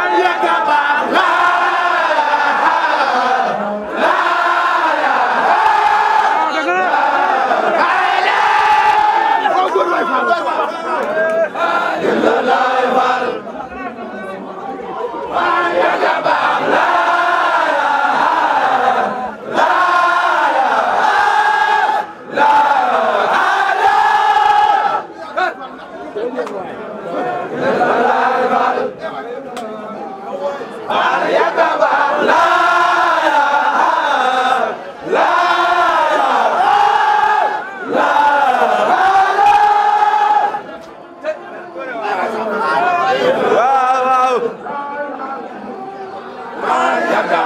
Ai, ai,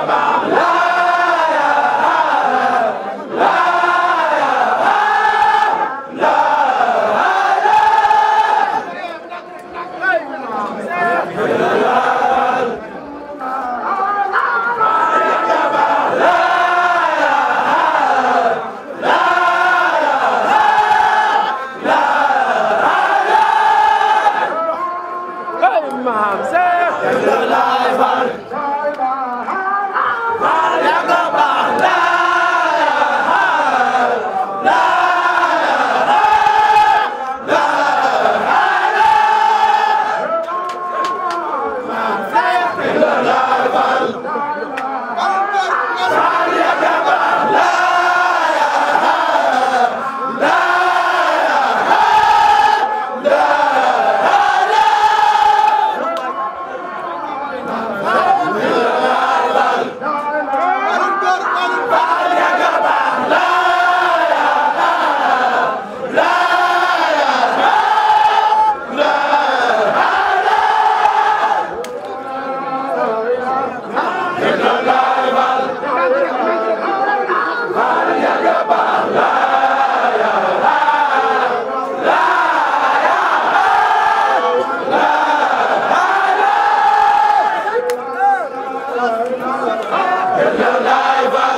Baba. la la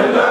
When the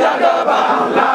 Yagabala.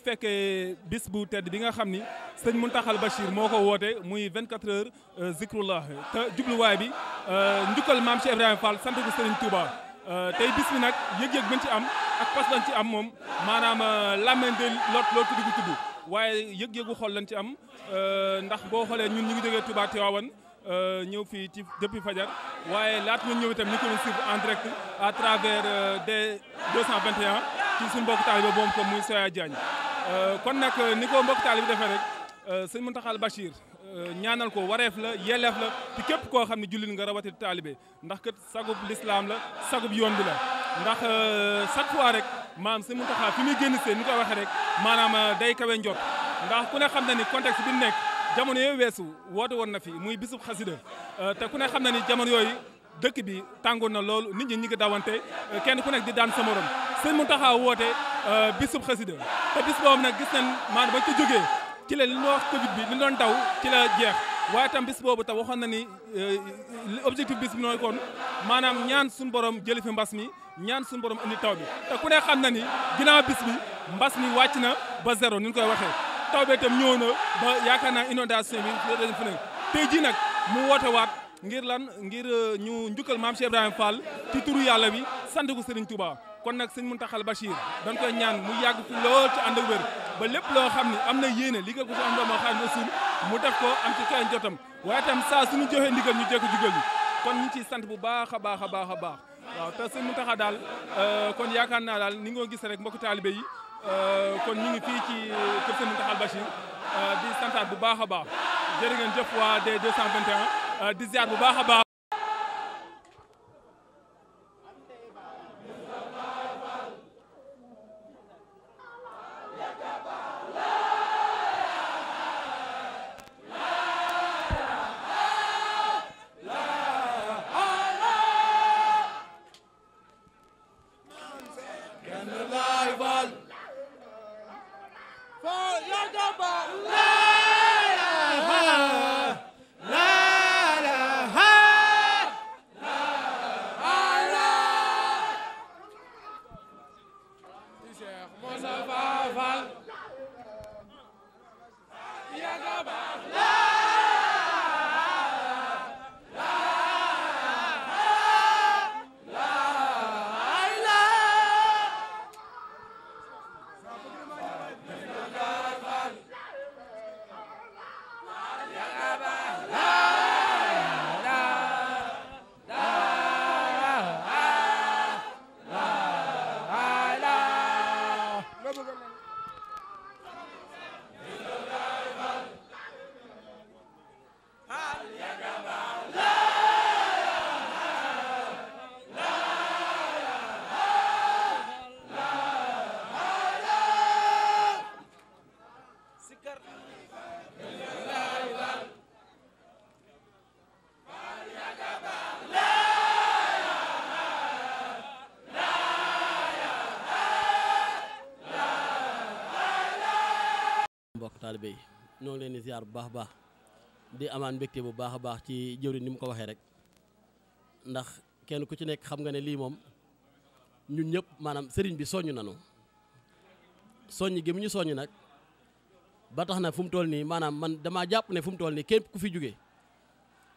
ñu fekkee bis bu tedd bi nga xam ni sëñ taxal Bachir moo ko woote muy 24 heures euh, zikrullah te jubluwaay bi euh, njukkal maam Cheikh Ibrahima Fall sant ko Serigne Touba euh, tey bis bi nag yëg-yëg bañ ci am ak pas lañ ci am moom maanaam làmmeen de lot loo tudd waaye yëg-yëgu xol lañ ci am ndax boo xoolee ñun ñu ngi jógee Touba Tivaouane ñëw fii ci depuis fajar waaye laata ñu ñëw itam ñu ko doon suivre en direct à travers des 221 ci suñu mbokk taalibe boobu ko muy Soya Diagne kon nag ni ko mbokk taali bi defee rek sëñ Muntaxa Bachir ñaanal ko wareef la yelleef la te képp koo xam ne jullit nga rawati taalibe ndax kat sagub lislaam la sagub yoon bi la ndax chaque fois rek maam sëñ Muntaxa fi muy génn seen ni ko waxee rek maanaam day kawe njot ndax ku ne xam na ni contexte bi nekk jamono yooyu weesu woote woon na fi muy bisub xasida te ku ne xam na ni jamono yooyu dëkk bi tàngoon na loolu nit ñi ñi ngi dawante euh, kenn ku nekk di daan sa morom sëñ Mountakha woote euh, bisub xasida te bis boobu nag gis nañ maanaam bañ ko jógee ci la li ñu wax Covid bi li doon daw ci jeex waaye tam bis boobu ta waxoon na ni euh, objectif bis bi nooy kon maanaam ñaan suñu borom jëli fi mbas mi ñaan suñu borom indi taw bi te ku ne xam na ni ginnaaw bis bi mbas mi wàcc na ba zéro ni ñu koy waxee taw bi itam ñëw na ba yaakaar naa inondation bi def fi ne tey jii ngir lan ngir euh, ñu njukkal maam Cheikh Ibrahima Fall ci turu yàlla bi sant ko Serigne tubaa kon nag sëñ Muntaxal Bachir dañ koy ñaan mu yàgg fi lool ci ànd ak wér ba lépp loo xam ne am na yéene liggéey ko si am doomu xaalis rasul mu def ko am ci kayan jotam waaye tam saa suñu joxee ndigal ñu jekko jugal ñu kon ñu ciy sant bu baax a baax a baax a baax waaw te sëñ Muntaxa daal euh, kon yaakaar naa daal ni nga gis rek mbokk taalibe yi euh, kon ñu ngi fii ci kër sëñ Muntaxal Bachir di santaat bu baax a baax jërë ngeen jëf waa D221 di ziar bu baax a baax. taalibe yi ñoo leen di ziar bu baax baax di amaan mbégte bu baax a baax ci jëwriñ ni mu ko waxee rek ndax kenn ku ci nekk xam nga ne lii moom ñun ñëpp maanaam sëriñ bi soññ nanu soññ gémmiñu mu soññ nag ba tax na fu mu toll nii maanaam man damaa jàpp ne fu mu toll nii képp ku fi jóge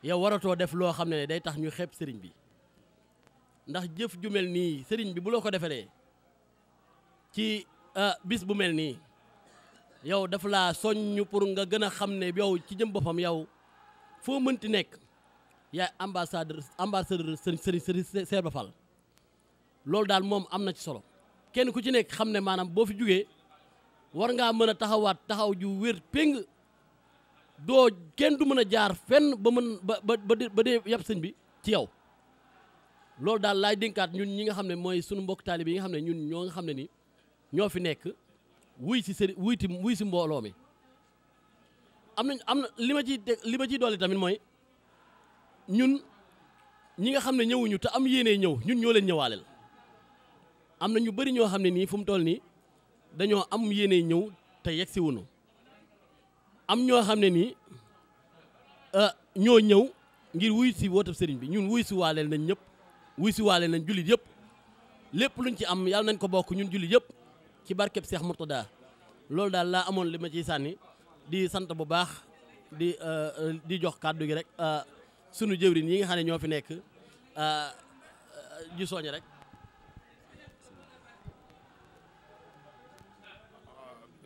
yow waratoo def loo xam ne day tax ñu xepp sëriñ bi ndax jëf ju mel nii sëriñ bi bu loo ko defalee ci ah, bis bu mel nii yow daf laa soññ pour nga gën a xam ne yow ci jëm boppam yow foo mën mënti nekk yaay ambassadeur ambassadeur Serigne Serigne Serba Fall loolu daal moom am na ci solo kenn ku ci nekk xam ne maanaam boo fi jógee war ngaa mën a taxawaat taxaw ju wér péng doo kenn du mën a jaar fenn ba mën ba ba dee yàpp sëñ bi ci yow loolu daal laay dénkaat ñun ñi nga xam ne mooy sunu mbokk taalibe yi nga xam ne ñun ñoo nga xam ne nii ñoo fi nekk wuy si sëriñ wuy ti wuy si mbooloo mi am nañ am na li ma ciy li ma ciy doole tamit mooy ñun ñi nga xam ne ñëwuñu te am yéene ñëw ñun ñoo leen ñëwaaleel am na ñu bëri ñoo xam ne nii fu mu toll nii dañoo am yéene ñëw te yegg si wunu am ñoo xam ne nii euh, ñoo ñëw ngir wuy si wootab sëriñ bi ñun wuy si waaleel nañ ñëpp wuy si waaleel nañ jullit yëpp lépp luñ ci am yàlla nañ ko bokk ñun jullit yëpp ci barkeb Seex Murtada loolu daal laa amoon li ma ci sànni di sant bu baax di euh, euh, di jox kàddu gi rek euh, sunu jëwriñ yi nga xam ne ñoo fi nekk ji soññ rek.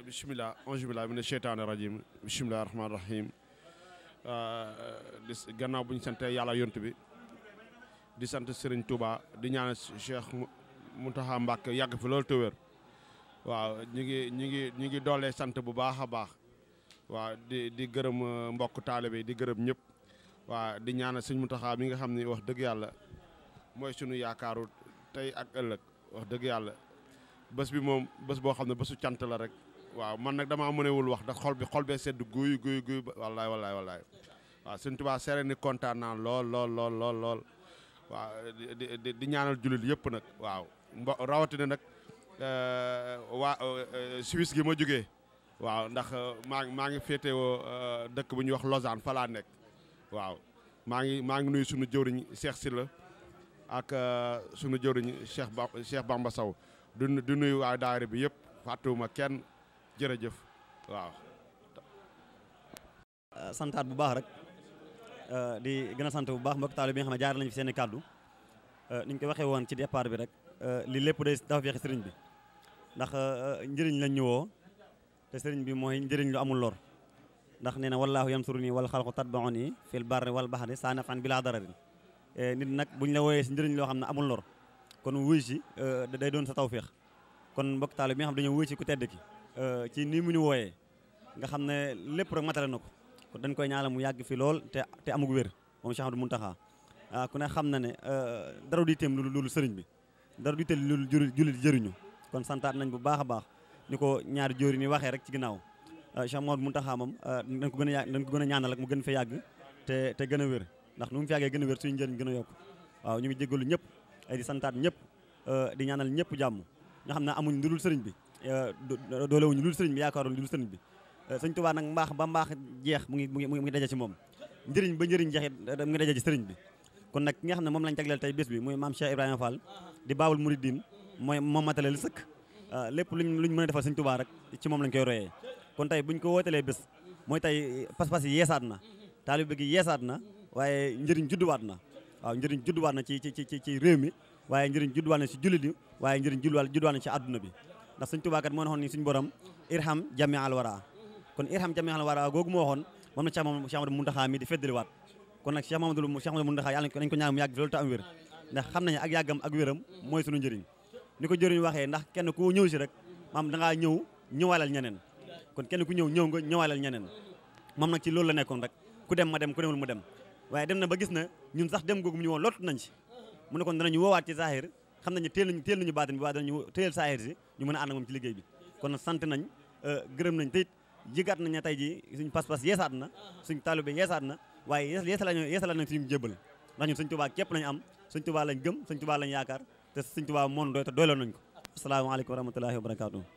bisimilah auzu billaahi mina sheytaani rajiim bisimilah rahmaani rahiim di gannaaw bu ñu sant yàlla yont bi di sant Serigne Touba di ñaan Cheikh Mountakha Mbacké yàgg fi loolu te waaw ñu ngi ñu ngi ñu ngi doolee sant bu baax a baax waaw di di gërëm uh, mbokk taalibe di gërëm ñëpp waaw di ñaanal sëñ Muntaxa mi nga xam ni wax dëgg yàlla mooy sunu yaakaaru tey ak ëllëg wax dëgg yàlla bés bi moom bés boo xam ne bésu cant la rek waaw man nag damaa mënewul wax da xol bi xol bee sedd guy guy guy wallaay wallaay wallaay waaw sëñ Tuubaa seere ni kontaan naa lool lool lool lool lool waaw di ñaanal jullit yëpp nag waaw mbo rawatina nag Euh, waa euh, Suisse gi ma jóge waaw ndax euh, maa maa ngi féetewoo dëkk bu ñuy wax Lausanne falaa laa nekk waaw maa ngi maa ngi nuyu sunu jëwriñ Cheikh Sylla ak sunu jëwriñ Cheikh Ba Cheikh Bamba Sow du du nuyu waa daayira bi yëpp fàttewuma kenn jërëjëf waaw. santaat bu baax rek di gën a sant bu baax mbokk taalibe bi nga xam ne jaar nañu fi seen i kàddu ni ñu ko waxee woon ci départ bi rek li lépp day dafa fexe sëriñ bi. ndax njëriñ lañ ñëwoo te sëriñ bi mooy njëriñ lu amul lor ndax nee na wallaahu yansuru nii wal xalqu tatbauni fil barri wal baxri saa nafan bilaa dararin nit nag buñ la wooyee si njëriñ loo xam ne amul lor kon wuy si day doon sa tawféex kon mbokk taal bi nga xam dañoo wuy si ku tedd ki ci ni mu ñu wooyee nga xam ne lépp rek matale na ko kon dañ koy ñaala mu yàgg fi lool te te amug wér moom Cheikh Abdou Mountakha ku ne xam na ne daru di tem lu lu sëriñ bi daru di itam lu dul jullit jëriñu kon santaat nañ bu baax a baax ni ko ñaari jóori ni waxee rek ci ginnaaw euh, Cheikh Mouhamadou Mountakha moom dañ euh, ko gën a yàgg dañ ko gën a ñaanal ak mu gën fa yàgg te gën a wér ndax nu mu fi yàggee gën a wér suñu njëriñ gën a yokk waaw ñu ngi jéggalu ñëpp ay di santaat ñëpp euh, di ñaanal ñëpp jàmm nga xam ne amuñ lu dul sëriñ bi doolewuñ lu dul sëriñ bi yaakaaroon lu sëriñ bi sëñ Tuubaa nag mbaax ba mbaax jeex mu ngi mu ngi mu ngi daje ci moom njëriñ ba njëriñ jeex mu ngi daje ci sëriñ bi kon nag ki nga xam ne moom lañ jagleel mooy moom matale li sëkk ah, lépp luñ ñu mën a defal sëñ Tuubaa rek ci moom lañ koy royee kon tey buñ ko wootelee bés mooy tey pas-pas yeesaat na taalibe gi yeesaat na waaye njëriñ judduwaat na waaw njëriñ judduwaat na ci ci ci ci réew mi waaye njëriñ judduwaat na si jullit yi waaye njëriñ judduwaat judduwaat na ci àdduna bi ndax sëñ Tuubaa kat moo waxoon ni suñ borom irham jami al wara kon irham jami al wara googu moo waxoon moom na Cheikh Mamadou Muntaxa mi di feddaliwaat kon nag Cheikh Mamadou Cheikh Mamadou Muntaxa yàlla nañ ko ñaan mu yàgg fi loolu te am wér ndax xam nañu ak yàggam ak wéram mooy suñu njëriñ ni ko jëriñ waxee ndax kenn ku ñëw si rek maam dangaa ñëw ñëwaalal ñeneen kon kenn ku ñëw ñëw nga ñëwaalal ñeneen moom nag ci loolu la nekkoon rek ku dem ma dem ku demul mu dem waaye dem na ba gis na ñun sax dem googu mu ñu woon lottu nañ si mu ne kon danañu woowaat ci saahir xam nañu teel nañu ñu nañu baatin bi waaye danañu teel saahir si ñu mën a ànd moom ci liggéey bi kon sant nañ euh, gërëm nañ te yëgaat nañ ne tey ji suñ pas-pas yeesaat na suñ taalibe yeesaat na waaye yeesalaat nañ suñu jébbal ndax ñun suñ tubaa képp nañ am suñ tubaa lañ gëm suñ tubaa lañ yaakaar te Sëñ Tuubaa moom doy te doyloon nañ ko asalaamaaleykum wa rahmatullahi wa barakaatu